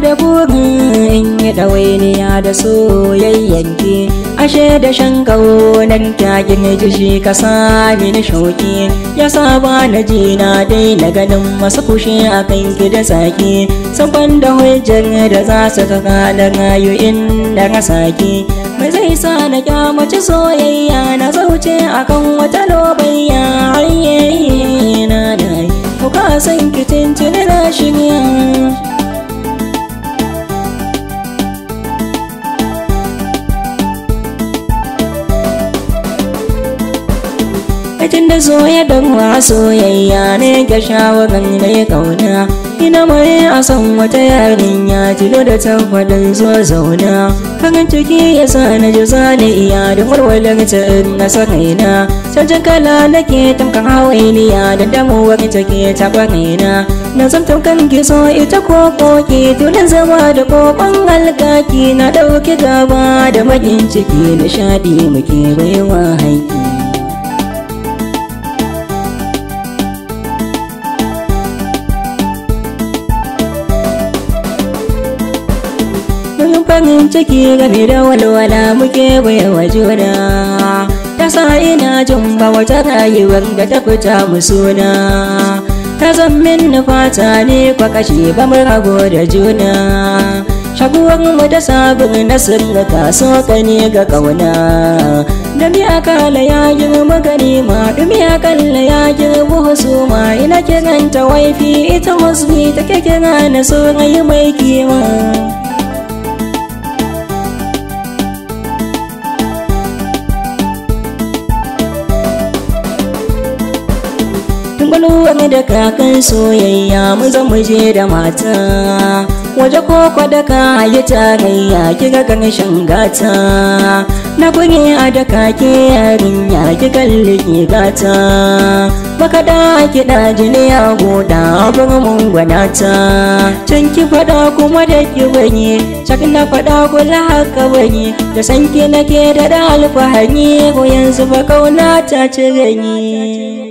da bugun in yi ɗawainiya da soyayyanki ashe da shan kaunan kyakin ji shi ka sami ni shauki ya saba na ji na daina ganin masu kushe a kan da tsaki sabon da hujjar da za su kaka da rayu in da rasa ki mai zai sa na kyamaci soyayya na zauce a kan wata lobayya ayyayi na dai ku ka san kitin tuni na shirya tun da soya don wa soyayya ne ga shawaran da ya kauna ina mai a san wata yarinya tilo da tabbatin zo zauna farin ciki ya sa na ji zane iya da warware ta in na ta ji kala nake tamkar hawainiya da damuwar take ta kaina na zamtar kan gizo ita kokoki, koki tunan zama da kokon alkaki na ɗauki gaba da magin ciki nishaɗi muke baiwa haiki farin ciki game da walwala muke baiwa juna ta sa ina jin ba wata rayuwar da ta fita mu suna ta zammin na fata ne kwa kashe ba mu rago da juna shaguwar mu ta sabon nasir ga so ka ne ga kauna da mi akala ya ma dumi akalla ya girma buhusu ma ina kiranta waifi ita musu ta kira na yi mai kima bulwar da kakan soyayya mu zan muje da mata waje koko da ka yi tarayya kiga kanshin gata na kunye a da kake yarinya ki kalli ki gata baka da ki da jini ya goda abin mun gwanata can ki faɗa kuma da ki wani cak na faɗa kula haka wani da san ki nake da da alfahari ko yanzu ba kauna ta ci gani